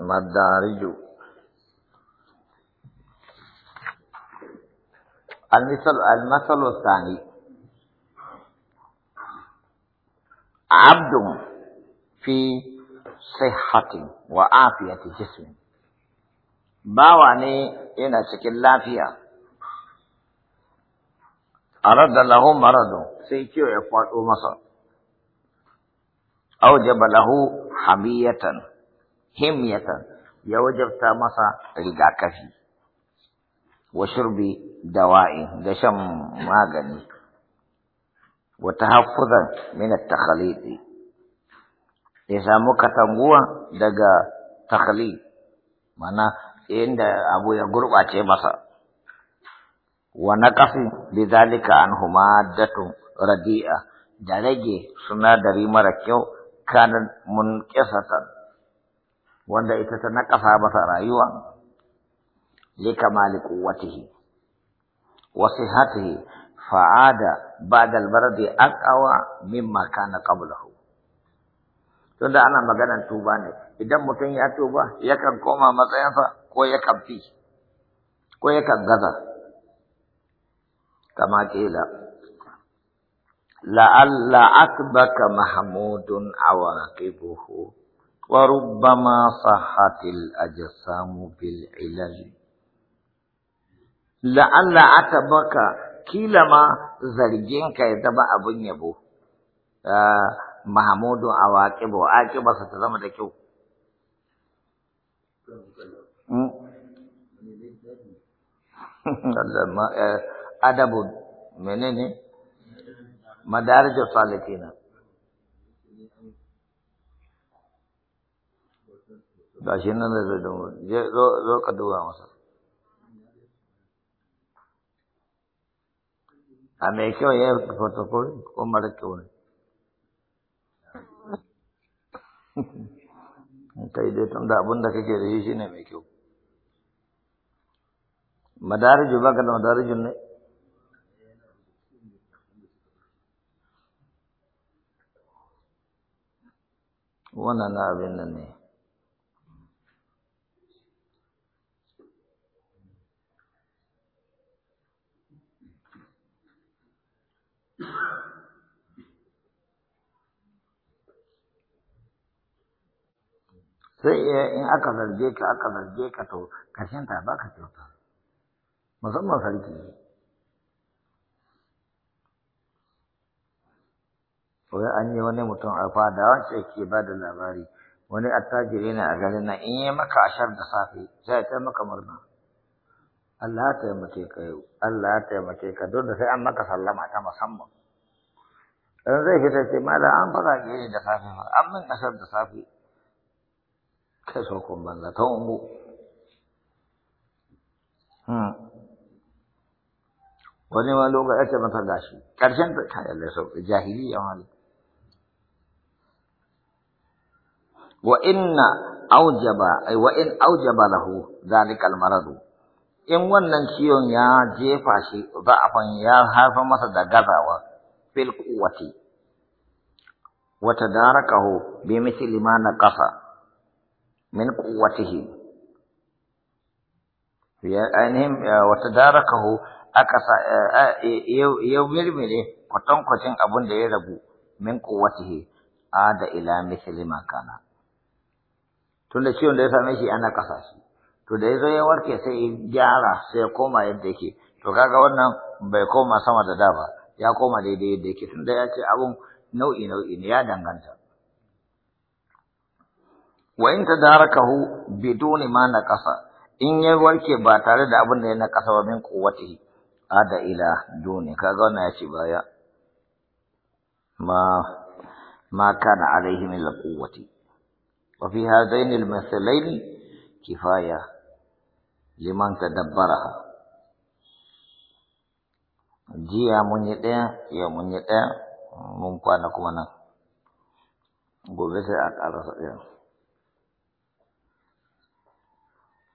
مدارج المثل المثل الثاني عبد في صحة وعافية جسم باواني إن شكل لا فيها أراد له مرض سيكيو يفعل مصر أوجب له حمية himyata ya wajabta masa rigakafi wa shurbi dawa'i da shan magani wa tahaffuzan min at-takhalidi ya samu katanguwa daga takhalid mana inda abu ya gurbace masa wa naqafi bidhalika an maddatun radi'a da rage sunadari mara kyau kanan ta. wanda ita ta naƙasa masa rayuwa li kamal quwwatihi wa sihhatihi fa'ada ba'da al-maradi aqwa mimma kana qablahu tunda ana magana tuba ne idan mutum ya tuba yakan koma matsayinsa ko yakan fi ko yakan gaza kama kila la'alla akbaka mahmudun awaqibuhu وربما صحت الأجسام بالعلل لعل عتبك كلما زرجينك يتبع أبن يبو آه، محمود عواقبه عاقبة ستظم لكيو أدب منين مدارج الصالحين ga shi nan da zai je zo ka duba masa a mai kyau ya yi protocol ko mara kyau ne kai dai tun da abin da kake da shi ne mai kyau madariju ba ka da madarijin ne wannan na abin nan ne sai in aka zarge ka aka zarge ka to karshen ta baka kyauta musamman sarki ne. an yi wani mutum a fada wacce ke ba da labari wani attajiri ne a garin nan in yi maka ashar da safe sai ta maka murna Allah ya taimake ka yau Allah ya taimake ka don da sai an maka sallama ta musamman in zai fita ce malam an fara gini da safe an min ashar da safe kai sokon banza ta ungu wani ma lokaci ce mata gashi ƙarshen ta kayan da sauƙi jahiliya wani wa inna aujaba ai wa in aujaba lahu zalikal kalmaradu. in wannan ciwon ya jefa shi za'afan ya haifar masa da gazawa fil quwwati wa tadarakahu bi mithli ma naqasa min quwwatihi ya ainihin wata darakahu aka sa yau mirmire kwatankwacin abin da ya rabu min quwwatihi ada ila misli ma kana tun da ciwon da ya same shi ana kasa shi to da ya zo ya warke sai ya gyara sai ya koma yadda yake to kaga wannan bai koma sama da da ba ya koma daidai yadda yake tun da ya ce abun nau'i nau'i ne ya danganta wa in tadarakahu biduni ma naqasa in ya warke ba tare da abin da ya naqasa ba min quwwatihi ada ila duni kaga wannan ya ce baya ma ma kana alaihi min quwwati wa fi hadaini al-mathalain kifaya liman tadabbara jiya mun yi ɗaya ya mun yi ɗaya mun kwana kuma nan gobe sai a ƙarasa ɗaya